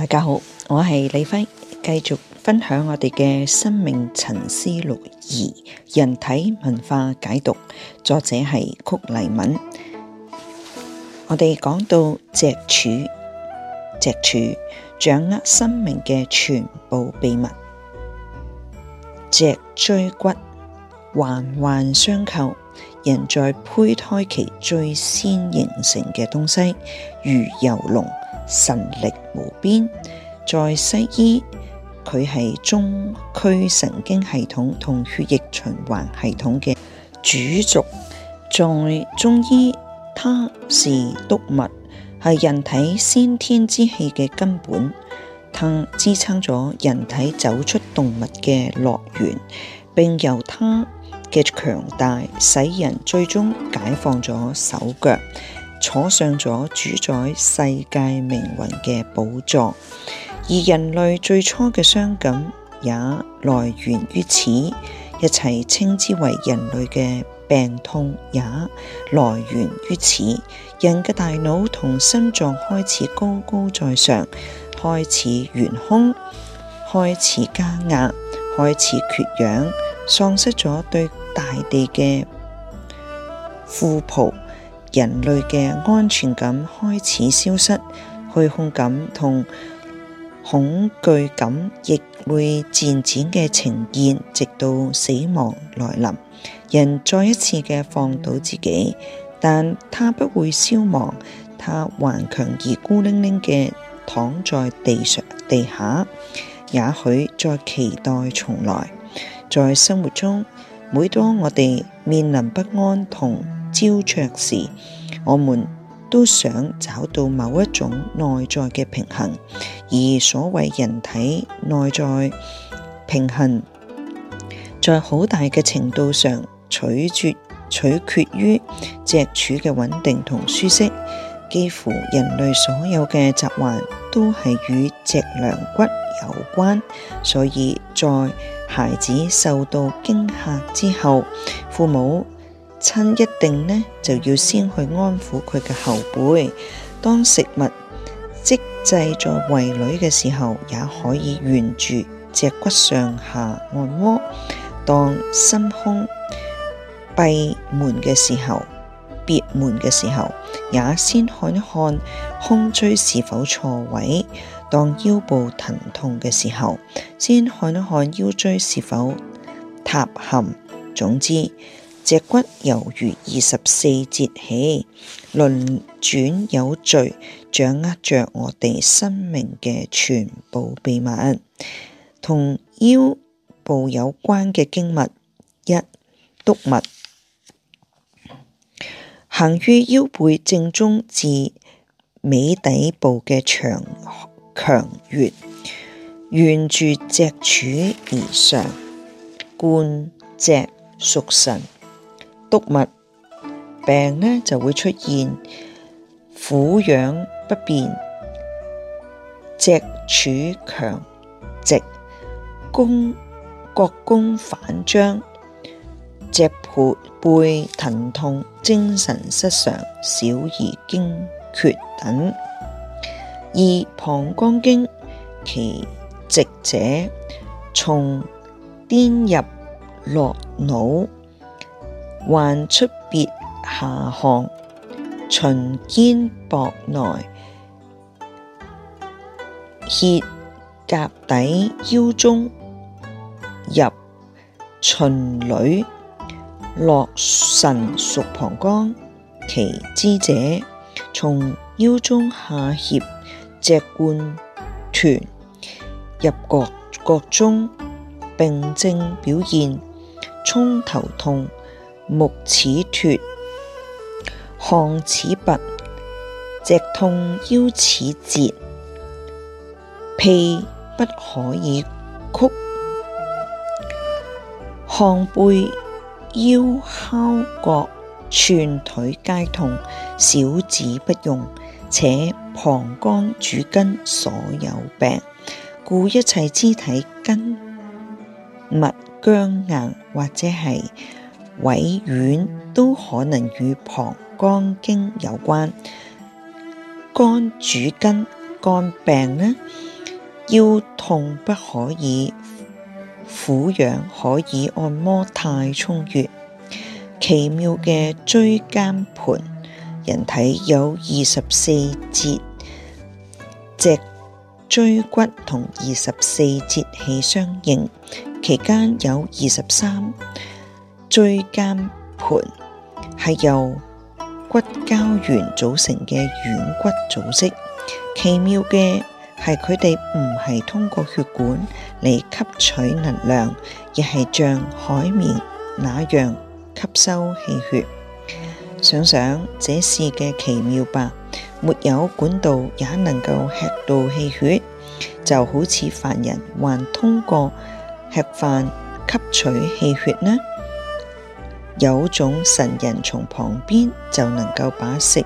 大家好，我係李輝，繼續分享我哋嘅《生命沉思錄二：人體文化解讀》，作者係曲黎敏。我哋講到脊柱，脊柱掌握生命嘅全部秘密。脊椎骨環環相扣，人在胚胎期最先形成嘅東西，如游龍。神力無邊，在西醫佢係中樞神經系統同血液循環系統嘅主軸；在中醫，它是督脈，係人體先天之氣嘅根本，它支撐咗人體走出動物嘅樂園，並由它嘅強大，使人最終解放咗手腳。坐上咗主宰世界命運嘅寶座，而人類最初嘅傷感也來源於此，一切稱之為人類嘅病痛也來源於此。人嘅大腦同心臟開始高高在上，開始懸空，開始加壓，開始缺氧，喪失咗對大地嘅富朴。人類嘅安全感開始消失，虛空感同恐懼感亦會漸漸嘅呈現，直到死亡來臨。人再一次嘅放倒自己，但他不會消亡，他頑強而孤零零嘅躺在地上地下，也許再期待重來。在生活中，每當我哋面臨不安同焦灼時，我們都想找到某一種內在嘅平衡。而所謂人體內在平衡，在好大嘅程度上取決取決於脊柱嘅穩定同舒適。幾乎人類所有嘅疾患都係與脊樑骨有關。所以，在孩子受到驚嚇之後，父母。親一定呢，就要先去安撫佢嘅後背。當食物積滯在胃裏嘅時候，也可以沿住脊骨上下按摩。當心胸閉門嘅時候，閉門嘅時候，也先看一看胸椎是否錯位。當腰部疼痛嘅時候，先看一看腰椎是否塌陷。總之。脊骨猶如二十四節氣輪轉有序，掌握着我哋生命嘅全部秘密。同腰部有關嘅經脈，一督脈，行於腰背正中至尾底部嘅長強穴，沿住脊柱而上，貫脊屬腎。督脈病呢，就會出現俯仰不便、脊柱強直、弓、角弓反張、脊背疼痛、精神失常、小兒驚厥等。二、膀胱經其直者從巔入絡腦。還出別下汗，循肩膊內，挾夾底腰中，入循裏落腎屬膀胱，其支者從腰中下挾脊貫臀，入膕膕中。病症表現：衝頭痛。目似脫，項似拔，脊痛腰似折，屁不可以曲，項背腰尻角、寸腿皆痛，小指不用，且膀胱主筋，所有病，故一切肢體筋物僵硬，或者係。委軟都可能與膀胱經有關，肝主筋，肝病呢？腰痛不可以俯仰，可以按摩太衝穴。奇妙嘅椎間盤，人體有二十四節脊椎骨同二十四節氣相應，其間有二十三。椎間盤係由骨膠原組成嘅軟骨組織。奇妙嘅係佢哋唔係通過血管嚟吸取能量，而係像海綿那樣吸收氣血。想想這事嘅奇妙吧！沒有管道也能夠吃到氣血，就好似凡人還通過吃飯吸取氣血呢。有種神人從旁邊就能夠把食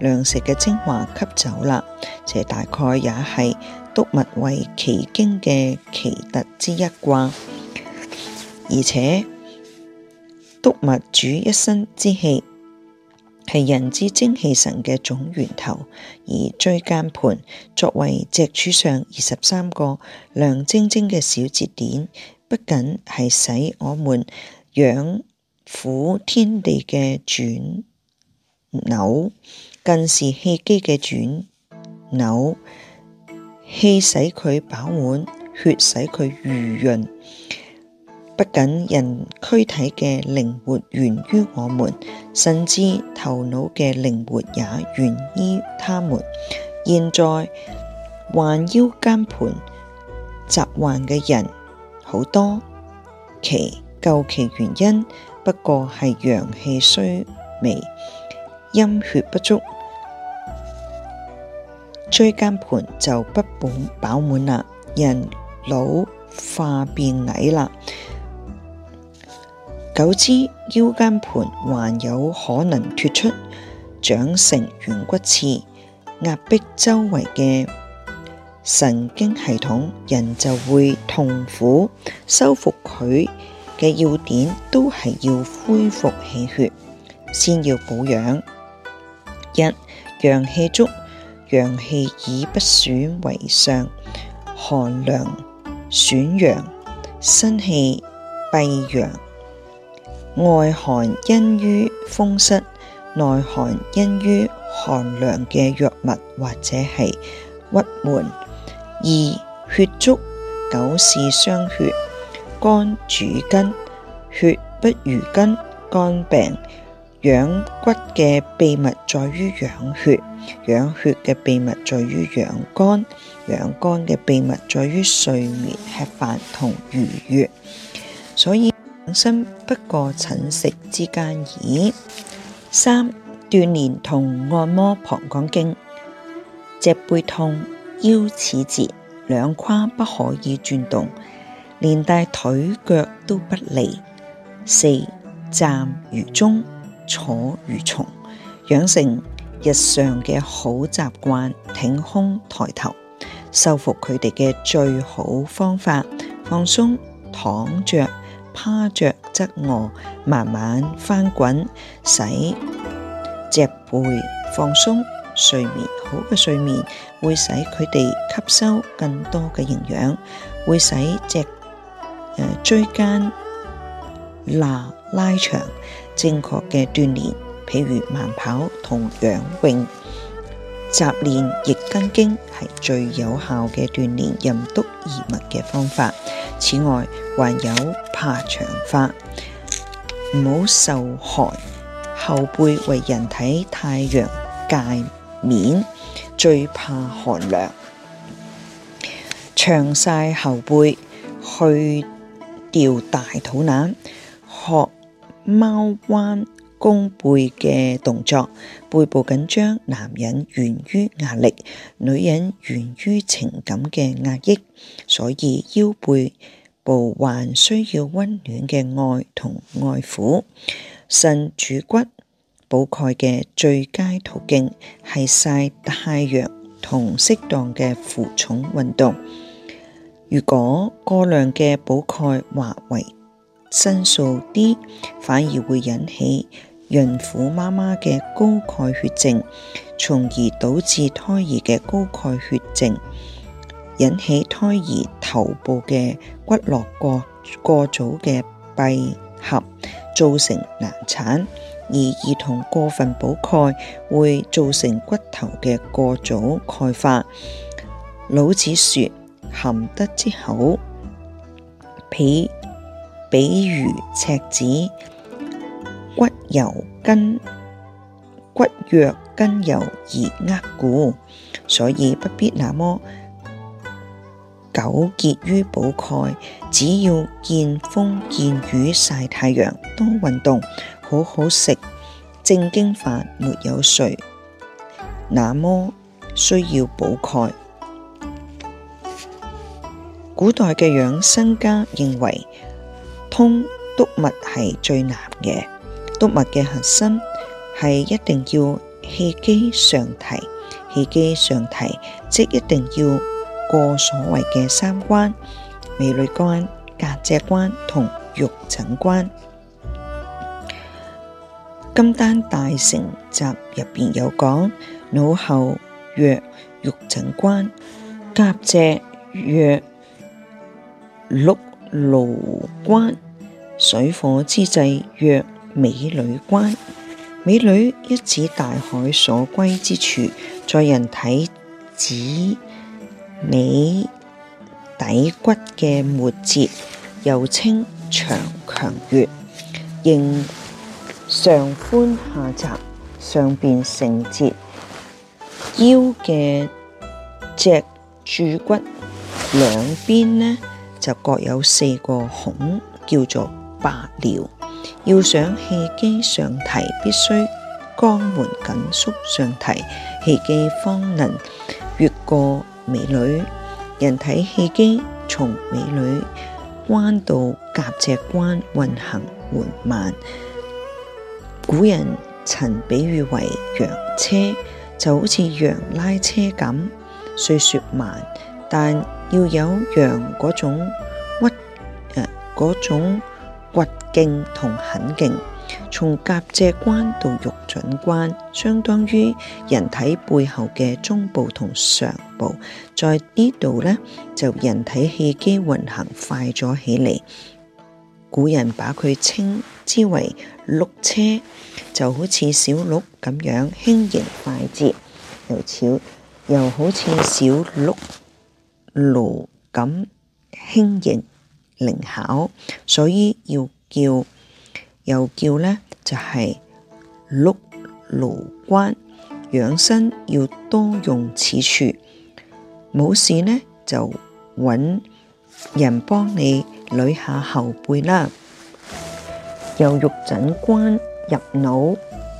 糧食嘅精華吸走啦，這大概也係督脈為奇經嘅奇特之一啩。而且督脈主一身之氣，係人之精氣神嘅總源頭。而椎間盤作為脊柱上二十三個亮晶晶嘅小節點，不僅係使我們養。苦天地嘅轉扭，更是氣機嘅轉扭。氣使佢飽滿，血使佢濡潤。不僅人軀體嘅靈活源於我們，甚至頭腦嘅靈活也源於他們。現在，患腰間盤疾患嘅人好多，其究其原因。不過係陽氣衰微，陰血不足，椎間盤就不滿飽滿啦，人老化變矮啦，久之腰間盤還有可能脱出，長成圓骨刺，壓迫周圍嘅神經系統，人就會痛苦，修復佢。嘅要點都係要恢復氣血，先要保養。一、陽氣足，陽氣以不損為上。寒涼損陽，生氣閉陽。外寒因於風濕，內寒因於寒涼嘅藥物或者係鬱悶。二、血足，久視傷血。肝主筋，血不如筋。肝病養骨嘅秘密在於養血，養血嘅秘密在於養肝，養肝嘅秘密在於睡眠、吃飯同愉悅。所以養生不過寢食之間而已。三、鍛煉同按摩膀胱經，脊背痛、腰似折、兩胯不可以轉動。連帶腿腳都不利。四站如鐘,坐如松，養成日常嘅好習慣。挺胸抬頭，修復佢哋嘅最好方法。放鬆，躺着、趴着、側卧，慢慢翻滾，使脊背放鬆。睡眠好嘅睡眠，會使佢哋吸收更多嘅營養，會使脊。誒，椎間拿拉長，正確嘅鍛煉，譬如慢跑同仰泳，習練易筋經係最有效嘅鍛煉，任督二脈嘅方法。此外，還有怕長發，唔好受寒。後背為人體太陽界面，最怕寒涼，長曬後背去。掉大肚腩，學貓彎弓背嘅動作，背部緊張，男人源於壓力，女人源於情感嘅壓抑，所以腰背部還需要温暖嘅愛同愛撫。腎主骨，補鈣嘅最佳途徑係晒太陽同適當嘅負重運動。如果過量嘅補鈣或維生素 D，反而會引起孕婦媽媽嘅高鈣血症，從而導致胎兒嘅高鈣血症，引起胎兒頭部嘅骨骼過過早嘅閉合，造成難產；而兒童過分補鈣會造成骨頭嘅過早鈣化。老子説。含得之好，比如赤子骨柔筋骨弱筋柔而握固，所以不必那麼糾結於補鈣。只要見風見雨曬太陽，多運動，好好食正經飯，沒有誰，那麼需要補鈣。古代嘅養生家認為，通督脈係最難嘅。督脈嘅核心係一定要氣機上提，氣機上提即一定要過所謂嘅三關：尾閭關、夾脊關同玉枕關。金丹大成集入邊有講，腦後曰玉枕關，夾脊曰碌勞關，水火之際，若美女關。美女一指大海所歸之處，在人體指尾骶骨嘅末節，又稱長強穴。形上寬下窄，上邊成節，腰嘅脊柱骨兩邊呢，就各有四個孔，叫做八髎。要想氣機上提，必須肛門緊縮上提，氣機方能越過尾閭。人體氣機從尾閭關到夾脊關運行緩慢，古人曾比喻為羊車，就好似羊拉車咁，雖說慢，但要有羊嗰種屈，誒嗰種倔勁同狠勁。從夾脊關到玉準關，相當於人體背後嘅中部同上部，在呢度咧就人體氣機運行快咗起嚟。古人把佢稱之為鹿車，就好似小鹿咁樣輕盈快捷，又巧，又好似小鹿。勞感輕盈靈巧，所以要叫又叫呢，就係轆轤關。養生要多用此處，冇事呢就揾人幫你捋下後背啦。由玉枕關入腦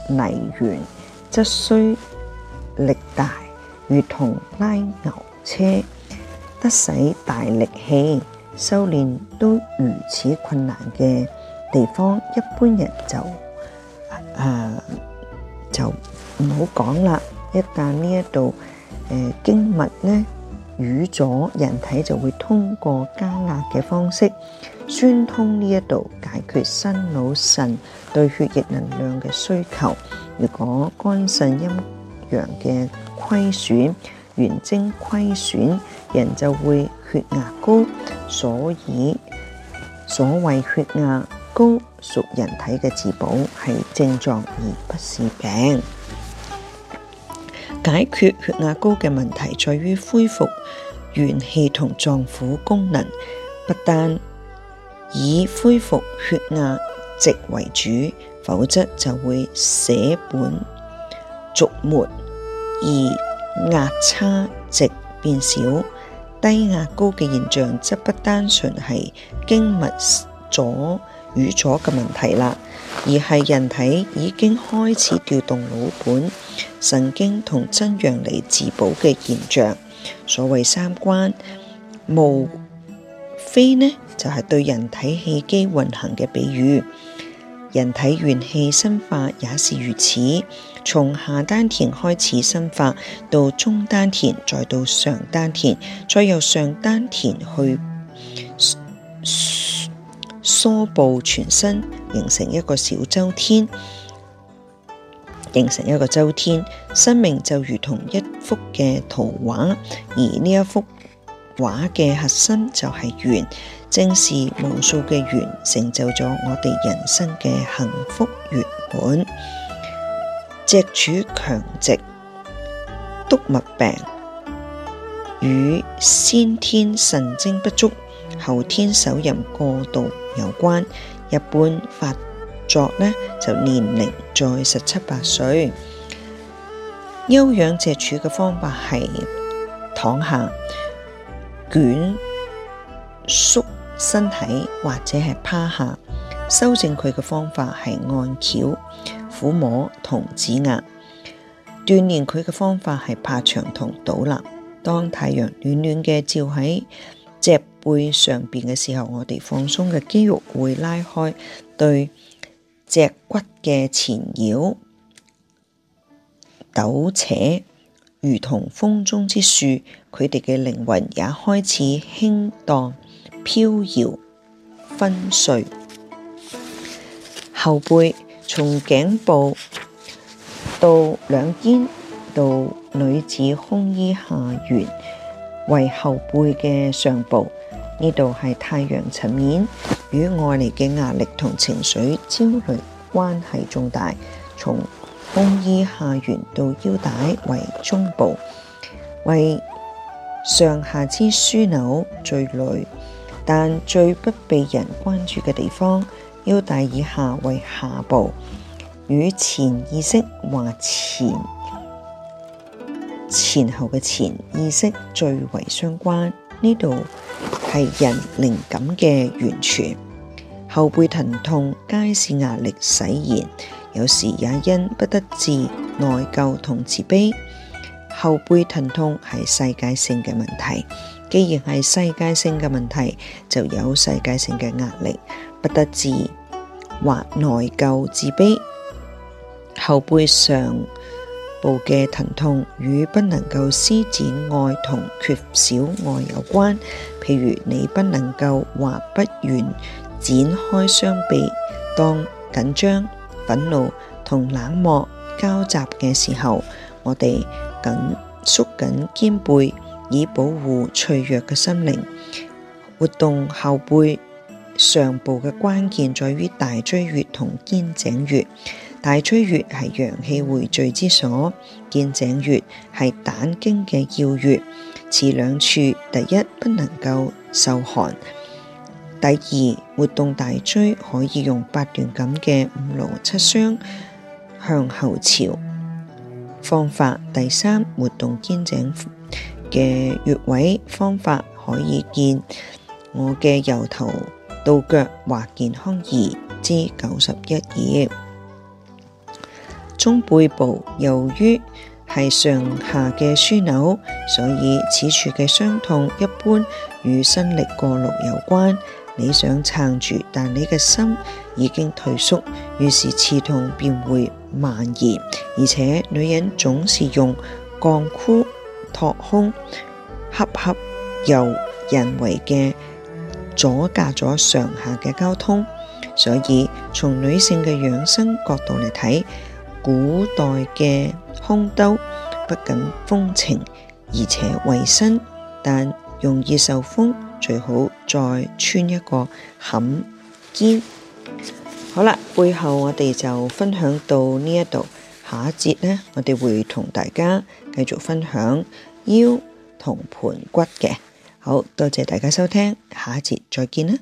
泥丸，則需力大，如同拉牛車。得使大力氣修練都如此困難嘅地方，一般人就啊就唔好講啦。一旦呢一度誒經脈咧，淤咗，人體就會通過加壓嘅方式疏通呢一度，解決心腦腎對血液能量嘅需求。如果肝腎陰陽嘅虧損，元精虧損，人就會血壓高，所以所謂血壓高屬人體嘅自保，係症狀而不是病。解決血壓高嘅問題，在於恢復元氣同臟腑功能，不但以恢復血壓值為主，否則就會捨本逐末，而壓差值變小。低壓高嘅現象，則不單純係經脈阻瘀阻嘅問題啦，而係人體已經開始調動腦本神經同真陽嚟自保嘅現象。所謂三關無非呢，就係、是、對人體氣機運行嘅比喻，人體元氣生化也是如此。從下丹田開始生發，到中丹田，再到上丹田，再由上丹田去梳布全身，形成一個小周天，形成一個周天，生命就如同一幅嘅圖畫，而呢一幅畫嘅核心就係圓，正是無數嘅圓成就咗我哋人生嘅幸福圓滿。脊柱強直、督脈病與先天神經不足、後天手淫過度有關。一般發作呢就年齡在十七八歲。休養脊柱嘅方法係躺下、捲縮身體或者係趴下。修正佢嘅方法係按蹺。撫摸同指壓，鍛煉佢嘅方法係拍牆同倒立。當太陽暖暖嘅照喺脊背上邊嘅時候，我哋放鬆嘅肌肉會拉開對，對脊骨嘅纏繞、抖扯，如同風中之樹，佢哋嘅靈魂也開始輕蕩、飄搖、昏睡後背。從頸部到兩肩到女子胸衣下緣為後背嘅上部，呢度係太陽層面，與外嚟嘅壓力同情緒焦慮關係重大。從胸衣下緣到腰帶為中部，為上下之樞紐最累，但最不被人關注嘅地方。腰帶以下為下部，與前意識或前前後嘅前意識最為相關。呢度係人靈感嘅源泉。後背疼痛皆是壓力使然，有時也因不得志、內疚同自卑。後背疼痛係世界性嘅問題。既然係世界性嘅問題，就有世界性嘅壓力，不得志或內疚、自卑，後背上部嘅疼痛與不能夠施展愛同缺少愛有關。譬如你不能夠或不願展開雙臂，當緊張、憤怒同冷漠交集嘅時候，我哋緊縮緊肩背。以保護脆弱嘅心靈。活動後背上部嘅關鍵在於大椎穴同肩井穴。大椎穴係陽氣匯聚之所，肩井穴係膽經嘅要穴。此兩處，第一不能夠受寒，第二活動大椎可以用八段錦嘅五勞七傷向後朝方法。第三活動肩井。嘅穴位方法可以見我嘅由頭到腳或健康儀之九十一頁。中背部由於係上下嘅樞紐，所以此處嘅傷痛一般與身力過勞有關。你想撐住，但你嘅心已經退縮，於是刺痛便會蔓延，而且女人總是用鋼箍。托胸恰恰又人為嘅阻隔咗上下嘅交通，所以從女性嘅養生角度嚟睇，古代嘅胸兜不僅風情，而且衛生，但容易受風，最好再穿一個坎肩。好啦，背後我哋就分享到呢一度，下一節呢，我哋會同大家繼續分享。腰同盆骨嘅。好多謝大家收聽，下一節再見啦。